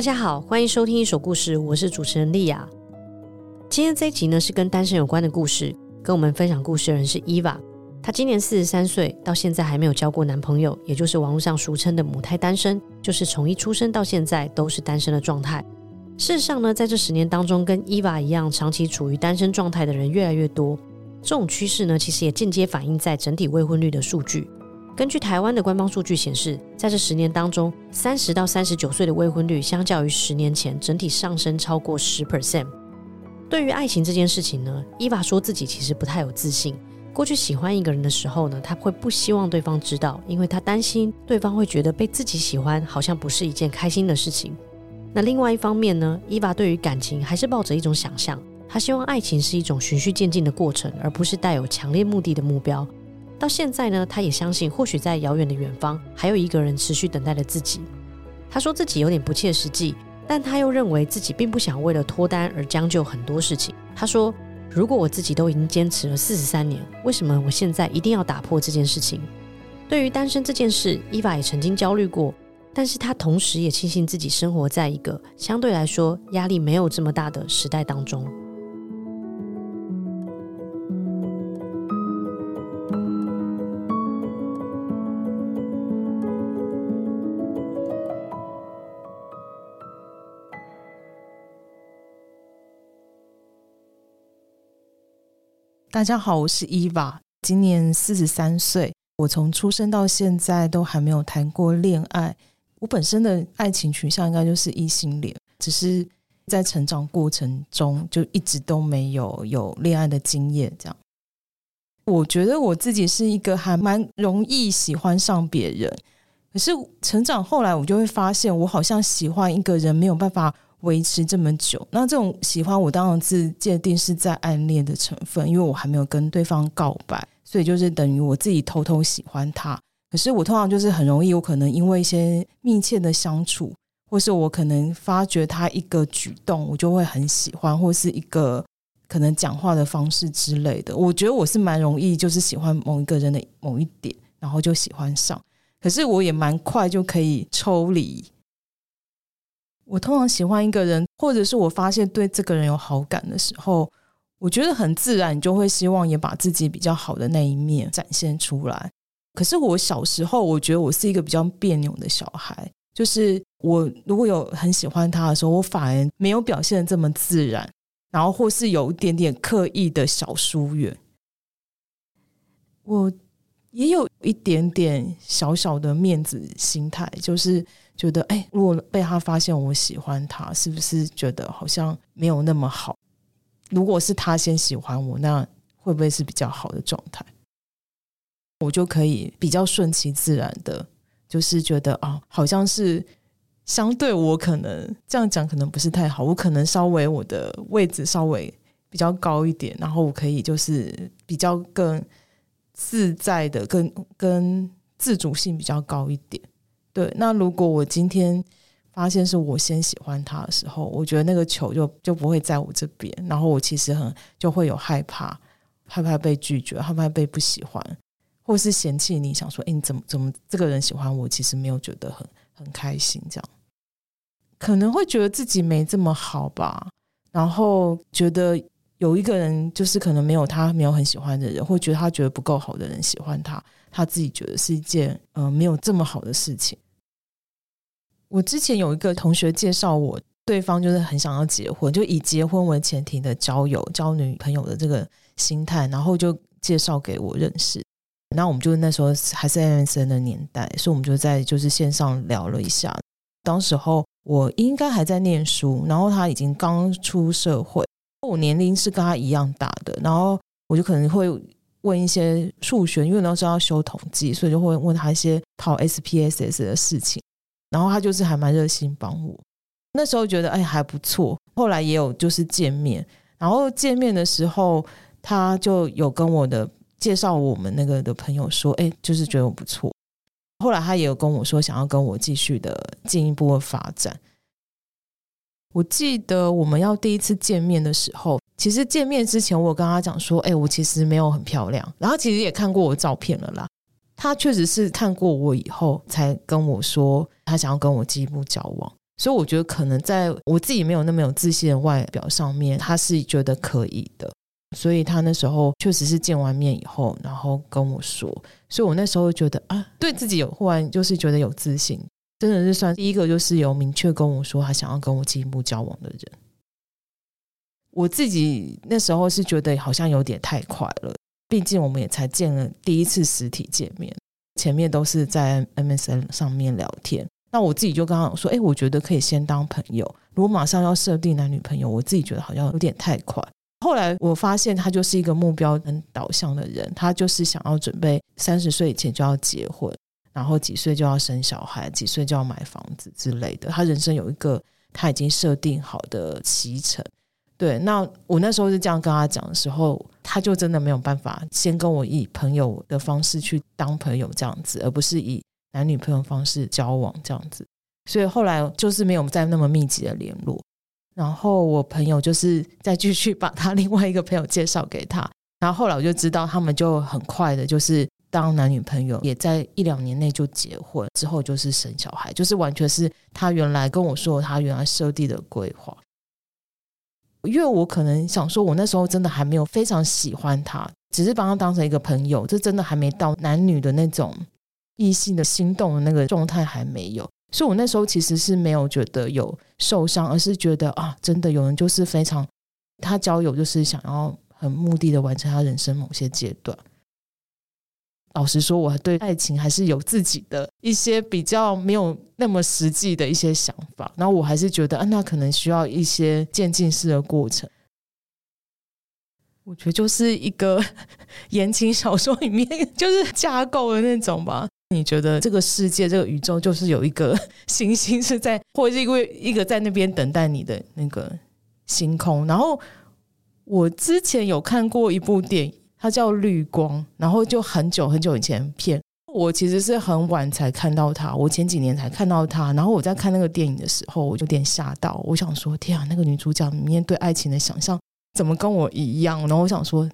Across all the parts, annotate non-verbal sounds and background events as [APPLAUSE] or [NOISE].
大家好，歡迎收聽《一手故事》，我是主持人莉雅。今天這一集呢，是跟單身有關的故事。跟我們分享故事的人是 Eva，她今年四十三歲，到現在還沒有交過男朋友，也就是網絡上俗稱的“母胎單身”，就是從一出生到現在都是單身的狀態。事實上呢，在這十年當中，跟 Eva 一樣長期處於單身狀態的人越來越多。這種趨勢呢，其實也間接反映在整體未婚率的數據。根據台灣的官方數據顯示，在這十年當中，三十到三十九歲的未婚率，相較於十年前，整體上升超過十 percent。對於愛情這件事情呢，Eva 說自己其實不太有自信。過去喜歡一個人的時候呢，她會不希望對方知道，因為她擔心對方會覺得被自己喜歡好像不是一件開心的事情。那另外一方面呢，Eva 對於感情還是抱着一種想象，她希望愛情是一種循序漸進的過程，而不是帶有強烈目的的目標。到現在呢，他也相信，或許在遙遠的遠方，還有一個人持續等待着自己。他說自己有點不切實際，但他又認為自己並不想為了脫單而將就很多事情。他說：“如果我自己都已經堅持了四十三年，為什麼我現在一定要打破這件事情？”對於單身這件事，Eva 也曾經焦慮過，但是他同時也慶幸自己生活在一個相對來說壓力沒有這麼大的時代當中。大家好，我是 Eva，今年四十三歲。我從出生到現在都還沒有談過戀愛。我本身的愛情取向應該就是異性戀，只是在成長過程中就一直都沒有有戀愛的經驗。這樣，我覺得我自己是一個還蠻容易喜歡上別人，可是成長後來我就會發現，我好像喜歡一個人沒有辦法。維持這麼久，那這種喜歡我當然是界定是在暗戀的成分，因為我還沒有跟對方告白，所以就是等於我自己偷偷喜歡他。可是我通常就是很容易，我可能因為一些密切的相處，或是我可能發覺他一個舉動，我就會很喜歡，或是一個可能講話的方式之類的。我覺得我是蠻容易，就是喜歡某一個人的某一點，然後就喜歡上。可是我也蠻快就可以抽離。我通常喜歡一個人，或者是我發現對這個人有好感的時候，我覺得很自然，你就會希望也把自己比較好的那一面展現出來。可是我小時候，我覺得我是一個比較彆扭的小孩，就是我如果有很喜歡他的時候，我反而沒有表現得這麼自然，然後或是有一點點刻意的小疏遠。我。也有一點點小小的面子心態，就是覺得，哎、欸，如果被他發現我喜歡他，是不是覺得好像沒有那麼好？如果是他先喜歡我，那會不會是比較好的狀態？我就可以比較順其自然的，就是覺得，啊，好像是相對我可能，這樣講可能不是太好，我可能稍微我的位置稍微比較高一點，然後我可以就是比較更。自在的跟，跟跟自主性比較高一點。對，那如果我今天發現是我先喜歡他的時候，我覺得那個球就就不會在我這邊，然後我其實很就會有害怕，害怕被拒絕，害怕被不喜歡，或是嫌棄你，想說，欸、你怎麼怎麼這個人喜歡我，我其實沒有覺得很很開心，這樣可能會覺得自己沒這麼好吧，然後覺得。有一個人，就是可能沒有他沒有很喜歡的人，或覺得他覺得不夠好的人喜歡他，他自己覺得是一件呃沒有這麼好的事情。我之前有一個同學介紹我，對方就是很想要結婚，就以結婚為前提的交友、交女朋友的這個心態，然後就介紹給我認識。那我們就那時候還是在 MSN 的年代，所以我們就在就是線上聊了一下。當時候我應該還在念書，然後他已經剛出社會。我年齡是跟他一樣大的，然後我就可能會問一些數學，因為那時候要修統計，所以就會問他一些考 SPSS 的事情。然後他就是還蠻熱心幫我。那時候覺得哎還不錯，後來也有就是見面，然後見面的時候，他就有跟我的介紹我們那個的朋友說，哎，就是覺得我不錯。後來他也有跟我說想要跟我繼續的進一步的發展。我記得我們要第一次見面的時候，其實見面之前，我跟他講說：“哎，我其實沒有很漂亮。”然後其實也看過我照片了啦。他確實是看過我以後，才跟我說他想要跟我進一步交往。所以我覺得可能在我自己沒有那麼有自信的外表上面，他是覺得可以的。所以他那時候確實是見完面以後，然後跟我說。所以我那時候就覺得啊，對自己有，忽然就是覺得有自信。真的是算第一個，就是有明確跟我說他想要跟我進一步交往的人。我自己那時候是覺得好像有點太快了，畢竟我們也才見了第一次實體見面，前面都是在 MSN 上面聊天。那我自己就剛剛說，哎、欸，我覺得可以先當朋友，如果馬上要設定男女朋友，我自己覺得好像有點太快。後來我發現他就是一個目標跟導向的人，他就是想要準備三十歲以前就要結婚。然後幾歲就要生小孩，幾歲就要買房子之類的。他人生有一個他已經設定好的期程。對，那我那時候是這樣跟他講的時候，他就真的沒有辦法先跟我以朋友的方式去當朋友這樣子，而不是以男女朋友方式交往這樣子。所以後來就是沒有再那麼密集的聯絡。然後我朋友就是再繼續把他另外一個朋友介紹給他。然後後來我就知道，他們就很快的就是。當男女朋友也在一兩年內就結婚，之後就是生小孩，就是完全是他原來跟我說他原來設定的規劃。因為我可能想說，我那時候真的還沒有非常喜歡他，只是把他當成一個朋友，這真的還沒到男女的那種異性的心動的那個狀態還沒有，所以我那時候其實是沒有覺得有受傷，而是覺得啊，真的有人就是非常他交友就是想要很目的的完成他人生某些階段。老實說，我對愛情還是有自己的一些比較沒有那麼實際的一些想法。然後我還是覺得，嗯，那可能需要一些漸進式的過程。我覺得就是一個言情小說裡面就是架構的那種吧。你覺得這個世界、這個宇宙就是有一個行星是在，或是一個一個在那邊等待你的那個星空。然後我之前有看過一部電影。他叫綠光，然後就很久很久以前片。我其實是很晚才看到他，我前幾年才看到他。然後我在看那個電影的時候，我就有點嚇到。我想說，天啊，那個女主角面對愛情的想象怎麼跟我一樣？然後我想說、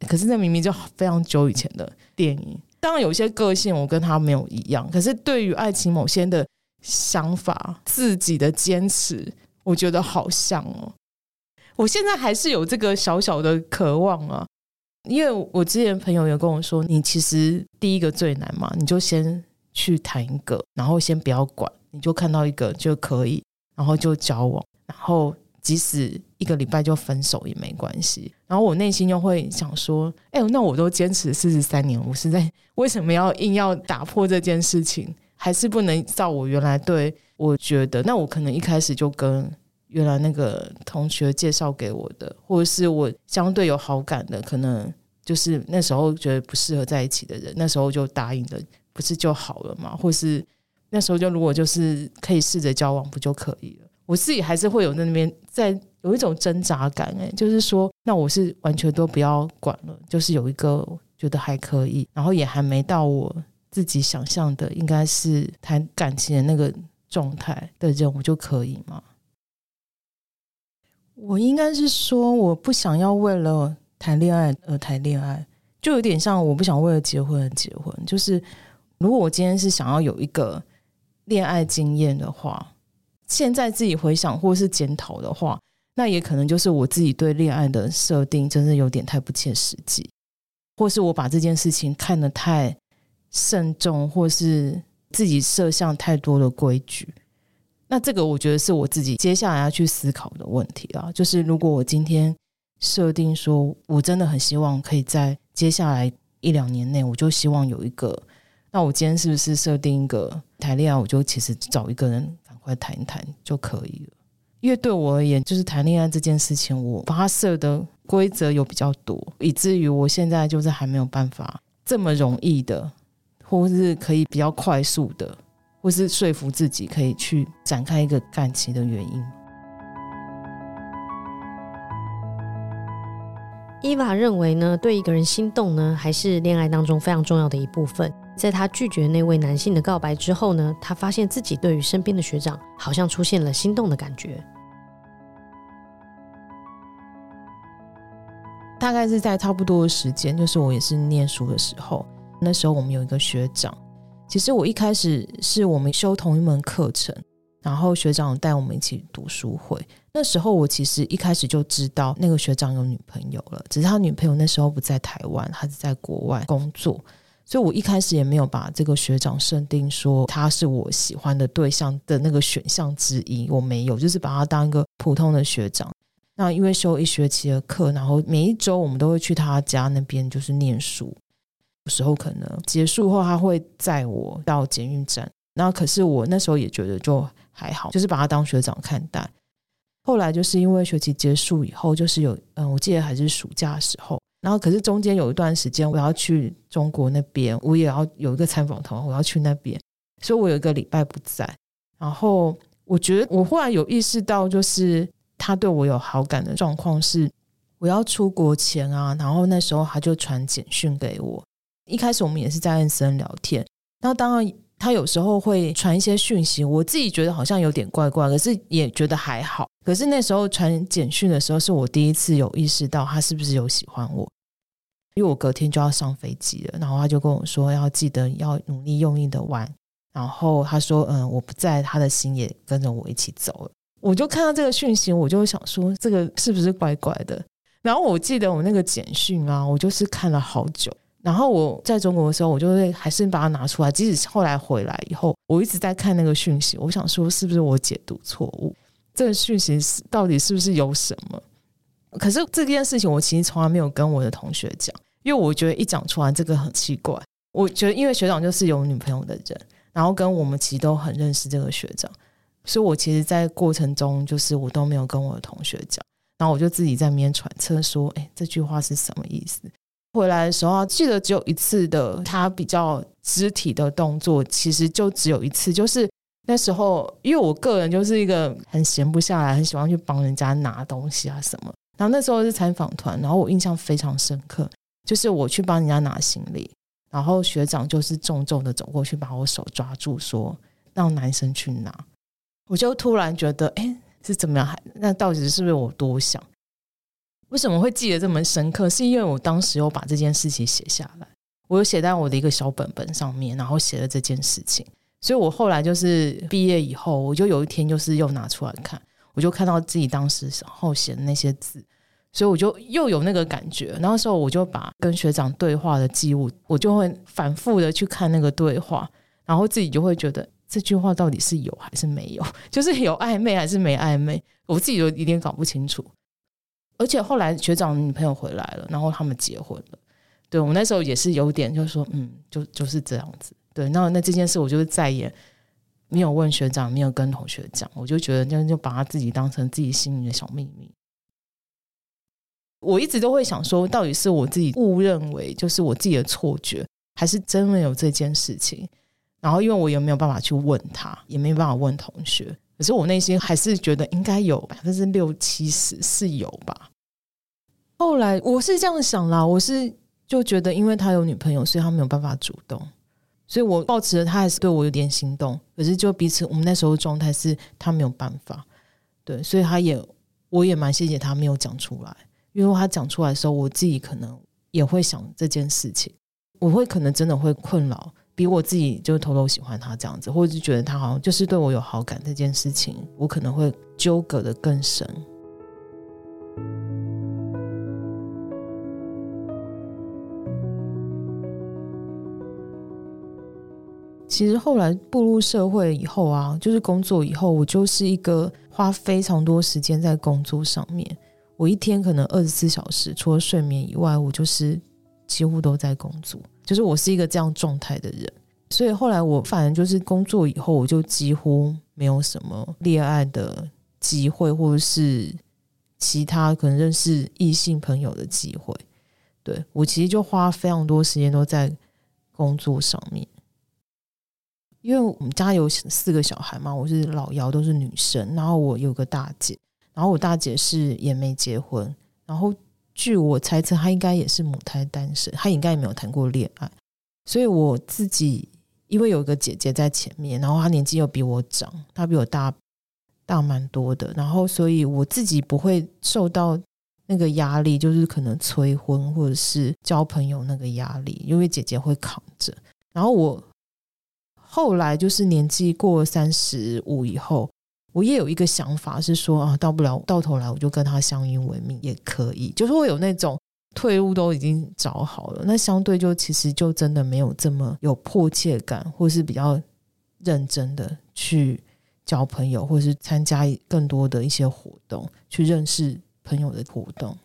欸，可是那明明就非常久以前的電影。當然，有些個性我跟他沒有一樣，可是對於愛情某些人的想法、自己的堅持，我覺得好像哦。我現在還是有這個小小的渴望啊。因為我之前朋友有跟我說，你其實第一個最難嘛，你就先去談一個，然後先不要管，你就看到一個就可以，然後就交往，然後即使一個禮拜就分手也沒關係。然後我內心又會想說，哎呦，那我都堅持四十三年，我是在為什麼要硬要打破這件事情？還是不能照我原來對我覺得，那我可能一開始就跟原來那個同學介紹給我的，或者是我相對有好感的，可能。就是那時候覺得不適合在一起的人，那時候就答應的不是就好了嘛？或是那時候就如果就是可以試着交往，不就可以了？我自己還是會有那邊在有一種掙扎感、欸，哎，就是說，那我是完全都不要管了，就是有一個覺得還可以，然後也還沒到我自己想象的應該是談感情的那個狀態的人，我就可以嗎？我應該是說，我不想要為了。談戀愛呃，談戀愛就有點像我不想為了結婚而結婚。就是如果我今天是想要有一個戀愛經驗的話，現在自己回想或是檢討的話，那也可能就是我自己對戀愛的設定真的有點太不切實際，或是我把這件事情看得太慎重，或是自己設想太多的規矩。那這個我覺得是我自己接下來要去思考的問題啊。就是如果我今天。設定說，我真的很希望可以在接下來一兩年內，我就希望有一個。那我今天是不是設定一個談戀愛？我就其實找一個人趕快談一談就可以了。因為對我而言，就是談戀愛這件事情，我把它設的規則有比較多，以至於我現在就是還沒有辦法這麼容易的，或是可以比較快速的，或是說服自己可以去展開一個感情的原因。伊娃認為呢，對一個人心動呢，還是戀愛當中非常重要的一部分。在她拒絕那位男性的告白之後呢，她發現自己對於身邊的學長好像出現了心動的感覺。大概是在差不多的時間，就是我也是念書的時候，那時候我們有一個學長。其實我一開始是我們修同一門課程。然後學長帶我們一起讀書會，那時候我其實一開始就知道那個學長有女朋友了，只是他女朋友那時候不在台灣，他是在國外工作，所以我一開始也沒有把這個學長設定說他是我喜歡的對象的那個選項之一，我沒有，就是把他當一個普通的學長。那因為修一學期的課，然後每一周我們都會去他家那邊就是念書，有時候可能結束後他會載我到捷運站，那可是我那時候也覺得就。還好，就是把他當學長看待。後來就是因為學期結束以後，就是有嗯，我記得還是暑假的時候，然後可是中間有一段時間我要去中國那邊，我也要有一個參訪團，我要去那邊，所以我有一個禮拜不在。然後我覺得我忽然有意識到，就是他對我有好感的狀況是我要出國前啊，然後那時候他就傳簡訊給我。一開始我們也是在認生聊天，那當然，他有時候會傳一些訊息，我自己覺得好像有點怪怪，可是也覺得還好。可是那時候傳簡訊的時候，是我第一次有意識到他是不是有喜歡我，因為我隔天就要上飛機了，然後他就跟我說要記得要努力用力的玩。然後他說：“嗯，我不在，他的心也跟着我一起走了。”我就看到這個訊息，我就想說這個是不是怪怪的？然後我記得我那個簡訊啊，我就是看了好久。然後我在中國的時候，我就會還是把它拿出來。即使後來回來以後，我一直在看那個訊息，我想說是不是我解讀錯誤？這個訊息到底是不是有什麼？可是這件事情我其實從來沒有跟我的同學講，因為我覺得一講出來這個很奇怪。我覺得因為學長就是有女朋友的人，然後跟我們其實都很認識這個學長，所以我其實，在過程中就是我都沒有跟我的同學講，然後我就自己在裡面揣測說：“哎，這句話是什麼意思？”回來的時候啊，記得只有一次的，他比較肢體的動作，其實就只有一次。就是那時候，因為我個人就是一個很閒不下來，很喜歡去幫人家拿東西啊什麼。然後那時候是採訪團，然後我印象非常深刻，就是我去幫人家拿行李，然後學長就是重重的走過去把我手抓住說，說讓男生去拿。我就突然覺得，哎，是怎麼樣？還那到底是不是我多想？為什麼會記得這麼深刻？是因為我當時有把這件事情寫下來，我有寫在我的一個小本本上面，然後寫了這件事情。所以我後來就是畢業以後，我就有一天就是又拿出來看，我就看到自己當時後寫的那些字，所以我就又有那個感覺。那個時候我就把跟學長對話的記錄，我就會反復的去看那個對話，然後自己就會覺得這句話到底是有還是沒有，就是有曖昧還是沒曖昧，我自己就有一點搞不清楚。而且後來學長的女朋友回來了，然後他們結婚了。對，我們那時候也是有點就，就是說嗯，就就是這樣子。對，那那這件事我就是再也沒有問學長，沒有跟同學講，我就覺得就就把他自己當成自己心裡的小祕密。我一直都會想說，到底是我自己誤認為，就是我自己的錯覺，還是真的有這件事情？然後因為我也沒有辦法去問他，也沒辦法問同學。可是我內心還是覺得應該有百分之六七十是有吧。後來我是這樣想啦，我是就覺得因為他有女朋友，所以他沒有辦法主動，所以我抱持著他還是對我有點心動。可是就彼此我們那時候的狀態是他沒有辦法，對，所以他也我也蠻謝謝他沒有講出來，因為他講出來的時候，我自己可能也會想這件事情，我會可能真的會困擾。比我自己就偷偷喜歡他這樣子，或者覺得他好像就是對我有好感這件事情，我可能會糾葛得更深。其實後來步入社會以後啊，就是工作以後，我就是一個花非常多時間在工作上面。我一天可能二十四小時，除了睡眠以外，我就是幾乎都在工作。就是我是一個這樣狀態的人，所以後來我反正就是工作以後，我就幾乎沒有什麼戀愛的機會，或者是其他可能認識異性朋友的機會。對，我其實就花非常多時間都在工作上面，因為我們家有四個小孩嘛，我是老幺，都是女生，然後我有個大姐，然後我大姐是也沒結婚，然後。據我猜測，她應該也是母胎單身，她應該也沒有談過戀愛。所以我自己，因為有一個姐姐在前面，然後她年紀又比我長，她比我大，大蠻多的，然後所以我自己不會受到那個壓力，就是可能催婚或者是交朋友那個壓力，因為姐姐會扛着。然後我，後來就是年紀過三十五以後。我也有一個想法是說啊，到不了，到頭來我就跟他相依為命也可以，就是我有那種退路都已經找好了，那相對，就其實就真的沒有這麼有迫切感，或是比較認真的去交朋友，或是參加更多的一些活動去認識朋友的活動，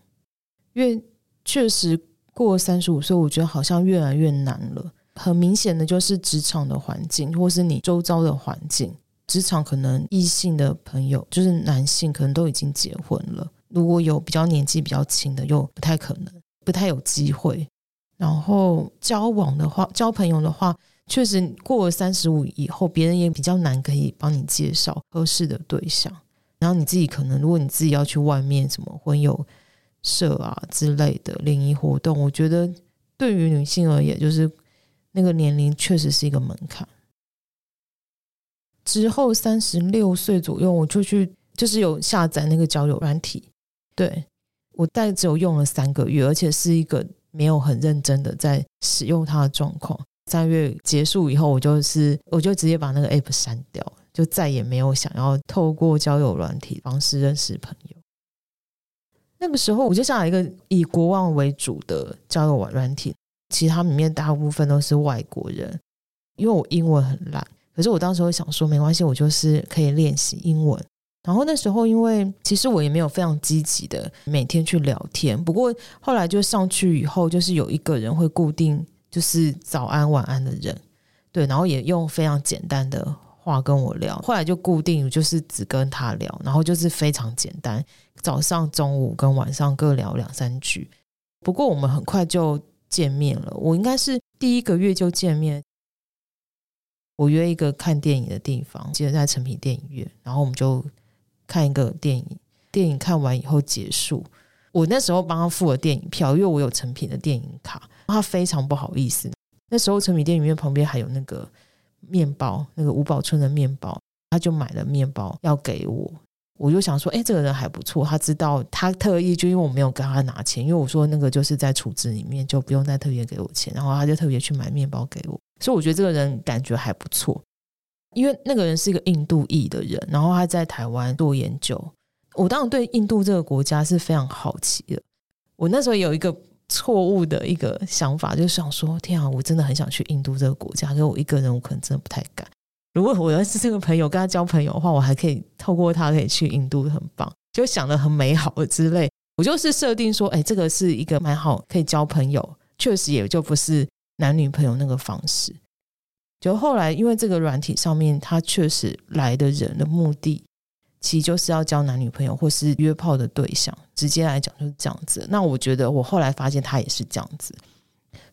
因為確實過三十五歲，我覺得好像越來越難了。很明顯的就是職場的環境，或是你周遭的環境。職場可能異性的朋友，就是男性，可能都已經結婚了。如果有比較年紀比較輕的，又不太可能，不太有機會。然後交往的話，交朋友的話，確實過了三十五以後，別人也比較難可以幫你介紹合適的對象。然後你自己可能，如果你自己要去外面什麼婚友社啊之類的聯誼活動，我覺得對於女性而言，就是那個年齡確實是一個門檻。之後三十六歲左右，我就去就是有下載那個交友軟體，對，我大概只有用了三個月，而且是一個沒有很認真的在使用它的狀況。三月結束以後，我就是我就直接把那個 app 刪掉，就再也沒有想要透過交友軟體方式認識朋友。那個時候我就下載一個以國旺為主的交友軟軟體，其他裡面大部分都是外國人，因為我英文很爛。可是我當時會想說，沒關係，我就是可以練習英文。然後那時候，因為其實我也沒有非常積極的每天去聊天。不過後來就上去以後，就是有一個人會固定，就是早安晚安的人，對，然後也用非常簡單的話跟我聊。後來就固定，就是只跟他聊，然後就是非常簡單，早上、中午跟晚上各聊兩三句。不過我們很快就見面了，我應該是第一個月就見面。我約一個看電影的地方，記得在誠品電影院，然後我們就看一個電影。電影看完以後結束，我那時候幫他付了電影票，因為我有誠品的電影卡。他非常不好意思。那時候誠品電影院旁邊還有那個麵包，那個吳寶春的麵包，他就買了麵包要給我。我就想說，誒、欸，這個人還不錯。他知道他特意就因為我沒有跟他拿錢，因為我說那個就是在儲值裡面就不用再特別給我錢，然後他就特別去買麵包給我。所以我覺得這個人感覺還不錯，因為那個人是一個印度裔的人，然後他在台灣做研究。我當時對印度這個國家是非常好奇的。我那時候有一個錯誤的一個想法，就是想說，天啊，我真的很想去印度這個國家，可是我一個人我可能真的不太敢。如果我要是這個朋友跟他交朋友的話，我還可以透過他可以去印度，很棒，就想得很美好之類。我就是設定說，哎、欸，這個是一個蠻好可以交朋友，確實也就不是男女朋友那個方式。就後來因為這個軟體上面，他確實來的人的目的，其實就是要交男女朋友或是約炮的對象，直接來講就是這樣子。那我覺得我後來發現他也是這樣子，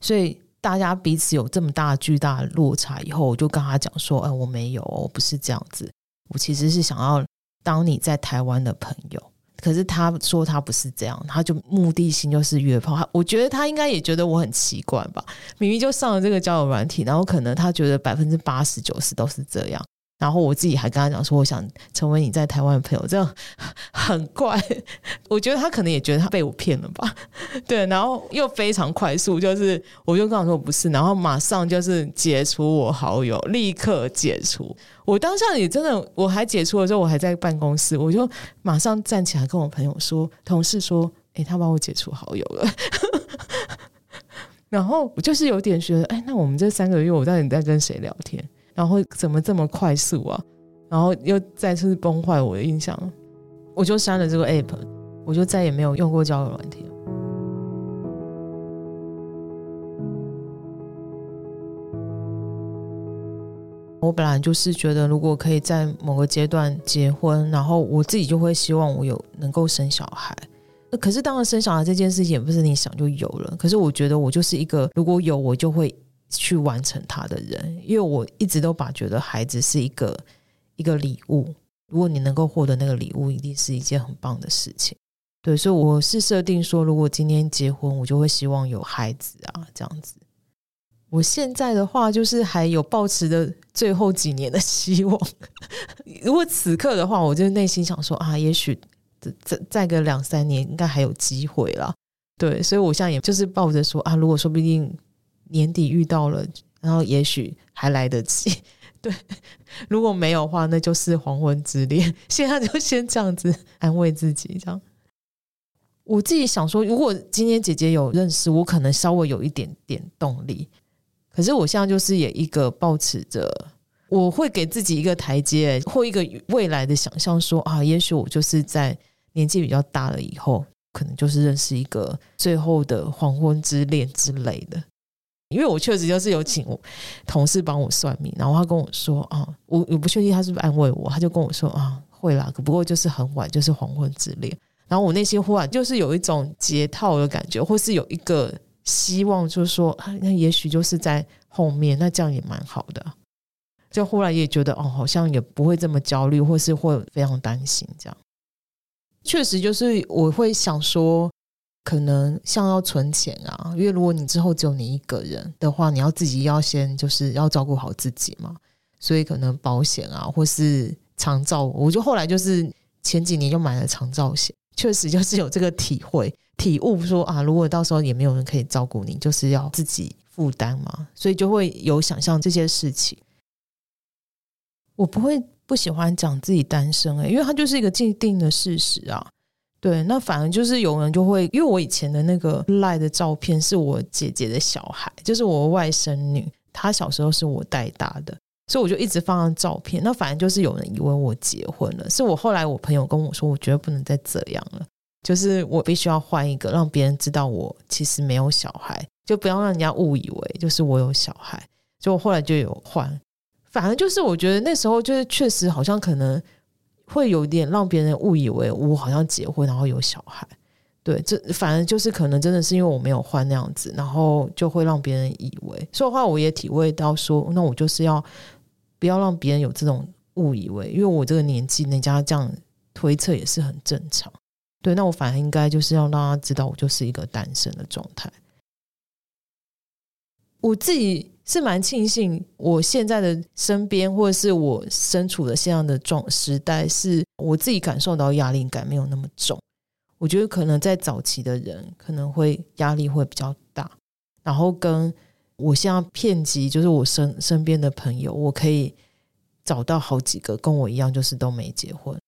所以。大家彼此有這麼大巨大的落差以後，我就跟他講說：“哎、欸，我沒有，我不是這樣子。我其實是想要當你在台灣的朋友。”可是他說他不是這樣，他就目的性就是約炮。我覺得他應該也覺得我很奇怪吧？明明就上了這個交友軟體，然後可能他覺得百分之八十九十都是這樣。然後我自己還跟他講說，我想成為你在台灣的朋友，這樣很怪。我覺得他可能也覺得他被我騙了吧？對，然後又非常快速，就是我就跟我說不是，然後馬上就是解除我好友，立刻解除。我當下也真的，我還解除的時候，我還在辦公室，我就馬上站起來跟我朋友說，同事說，欸，他把我解除好友了。 [LAUGHS] 然後我就是有點覺得，欸，那我們這三個月我到底在跟誰聊天？然後怎麼這麼快速啊？然後又再次崩壞我的印象，我就刪了這個 app，我就再也沒有用過交友軟件。我本來就是覺得，如果可以在某個階段結婚，然後我自己就會希望我有能夠生小孩。那可是當然，生小孩這件事情也不是你想就有了。可是我覺得我就是一個，如果有我就會。去完成他的人，因為我一直都把覺得孩子是一個一個禮物。如果你能夠獲得那個禮物，一定是一件很棒的事情。對，所以我是設定說，如果今天結婚，我就會希望有孩子啊，這樣子。我現在的話，就是還有抱持著最後幾年的希望。 [LAUGHS] 如果此刻的話，我就內心想說啊，也許再再再個兩三年，應該還有機會啦。對，所以我現在也就是抱着說啊，如果說不定，年底遇到了，然後也許還來得及。對，如果沒有的話，那就是黃昏之戀。現在就先這樣子安慰自己，這樣。我自己想說，如果今天姐姐有認識，我可能稍微有一點點動力。可是我現在就是也一個抱持着，我會給自己一個台階或一個未來的想象說，說啊，也許我就是在年紀比較大了以後，可能就是認識一個最後的黃昏之戀之類的。因為我確實就是有請我同事幫我算命，然後他跟我說啊，我我不確定他是不是安慰我，他就跟我說啊，會啦，不過就是很晚，就是黃昏之戀。然後我內心忽然就是有一種解套的感覺，或是有一個希望，就是說啊，那也許就是在後面，那這樣也蠻好的。就後來也覺得哦，好像也不會這麼焦慮，或是會非常擔心這樣。確實就是我會想說。可能像要存錢啊，因為如果你之後只有你一個人的話，你要自己要先就是要照顧好自己嘛，所以可能保險啊，或是長照，我就後來就是前幾年就買了長照險，確實就是有這個體會，體悟說啊，如果到時候也沒有人可以照顧你，就是要自己負擔嘛，所以就會有想象這些事情。我不會不喜歡講自己單身誒、欸，因為它就是一個既定的事實啊。對，那反正就是有人就會，因為我以前的那個賴的照片是我姐姐的小孩，就是我外甥女，她小時候是我帶大的，所以我就一直放上照片。那反正就是有人以為我結婚了，是我後來我朋友跟我說，我覺得不能再這樣了，就是我必須要換一個，讓別人知道我其實沒有小孩，就不要讓人家誤以為就是我有小孩，所以我後來就有換。反正就是我覺得那時候就是確實好像可能。會有點讓別人誤以為我好像結婚，然後有小孩，對，這反而就是可能真的是因為我沒有換那樣子，然後就會讓別人以為。說的話，我也體會到說，那我就是要不要讓別人有這種誤以為，因為我這個年紀，人家這樣推測也是很正常。對，那我反而應該就是要讓他知道，我就是一個單身的狀態。我自己。是蠻慶幸，我現在的身邊或者是我身處的現在的狀時代，是我自己感受到壓力感沒有那麼重。我覺得可能在早期的人可能會壓力會比較大。然後跟我現在片及，就是我身身邊的朋友，我可以找到好幾個跟我一樣，就是都沒結婚。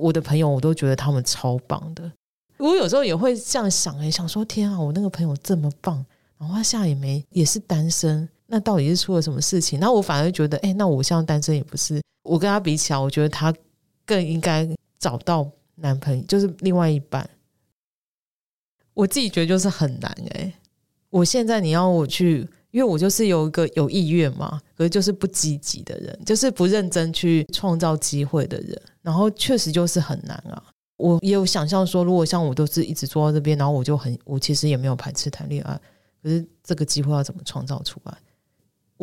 我的朋友我都覺得他們超棒的。我有時候也會這樣想哎，想說天啊，我那個朋友這麼棒，然後他現在也沒也是單身。那到底是出了什麼事情？那我反而覺得，哎，那我像單身也不是，我跟他比起來，我覺得他更應該找到男朋友，就是另外一半。我自己覺得就是很難哎。我現在你要我去，因為我就是有一個有意願嘛，可是就是不積極的人，就是不認真去創造機會的人。然後確實就是很難啊。我也有想象說，如果像我都是一直坐在這邊，然後我就很，我其實也沒有排斥談戀愛，可是這個機會要怎麼創造出來？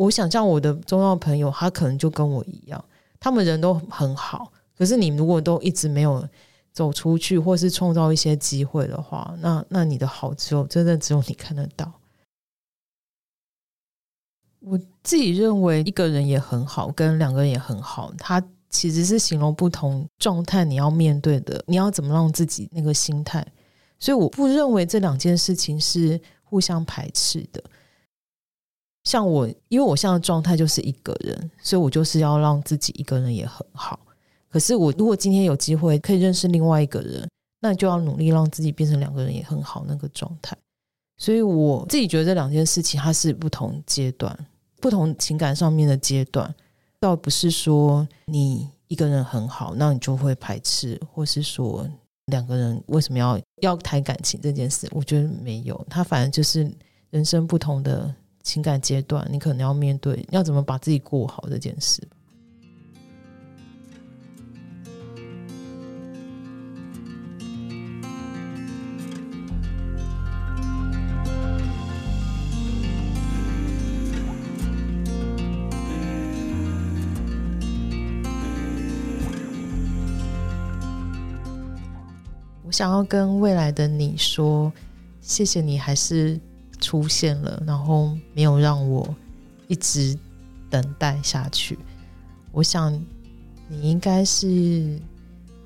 我想，像我的重要朋友，他可能就跟我一樣，他們人都很好。可是，你如果都一直沒有走出去，或是創造一些機會的話，那那你的好只有真的只有你看得到。我自己認為，一個人也很好，跟兩個人也很好，他其實是形容不同狀態你要面對的，你要怎麼讓自己那個心態。所以，我不認為這兩件事情是互相排斥的。像我，因為我現在狀態就是一個人，所以我就是要讓自己一個人也很好。可是我如果今天有機會可以認識另外一個人，那就要努力讓自己變成兩個人也很好那個狀態。所以我自己覺得這兩件事情它是不同階段、不同情感上面的階段，倒不是說你一個人很好，那你就會排斥，或是說兩個人為什麼要要談感情這件事？我覺得沒有，他反而就是人生不同的。情感階段，你可能要面對，你要怎麼把自己過好這件事。 [MUSIC] 我想要跟未來的你說，謝謝你，還是。出現了，然後沒有讓我一直等待下去。我想你應該是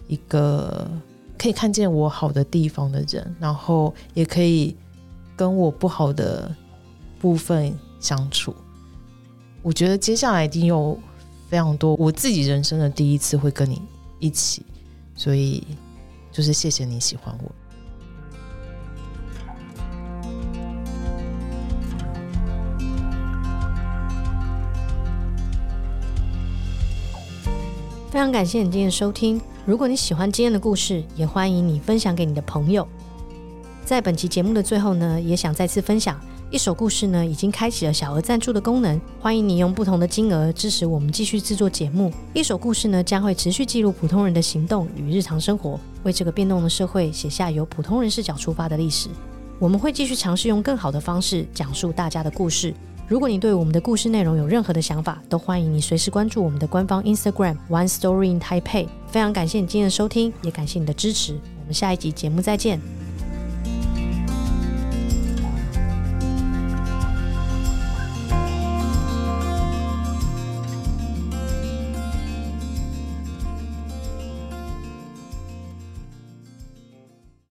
一個可以看見我好的地方的人，然後也可以跟我不好的部分相處。我覺得接下來一定有非常多我自己人生的第一次會跟你一起，所以就是謝謝你喜歡我。非常感謝你今天的收聽。如果你喜歡今天的故事，也歡迎你分享給你的朋友。在本期節目的最後呢，也想再次分享，一手故事呢已經開啟了小額贊助的功能，歡迎你用不同的金額支持我們繼續製作節目。一手故事呢將會持續記錄普通人的行動與日常生活，為這個變動的社會寫下由普通人視角出發的歷史。我們會繼續嘗試用更好的方式講述大家的故事。如果你對我們的故事內容有任何的想法，都歡迎你隨時關注我們的官方 Instagram One Story in Taipei。非常感謝你今天的收聽，也感謝你的支持。我們下一集節目再見。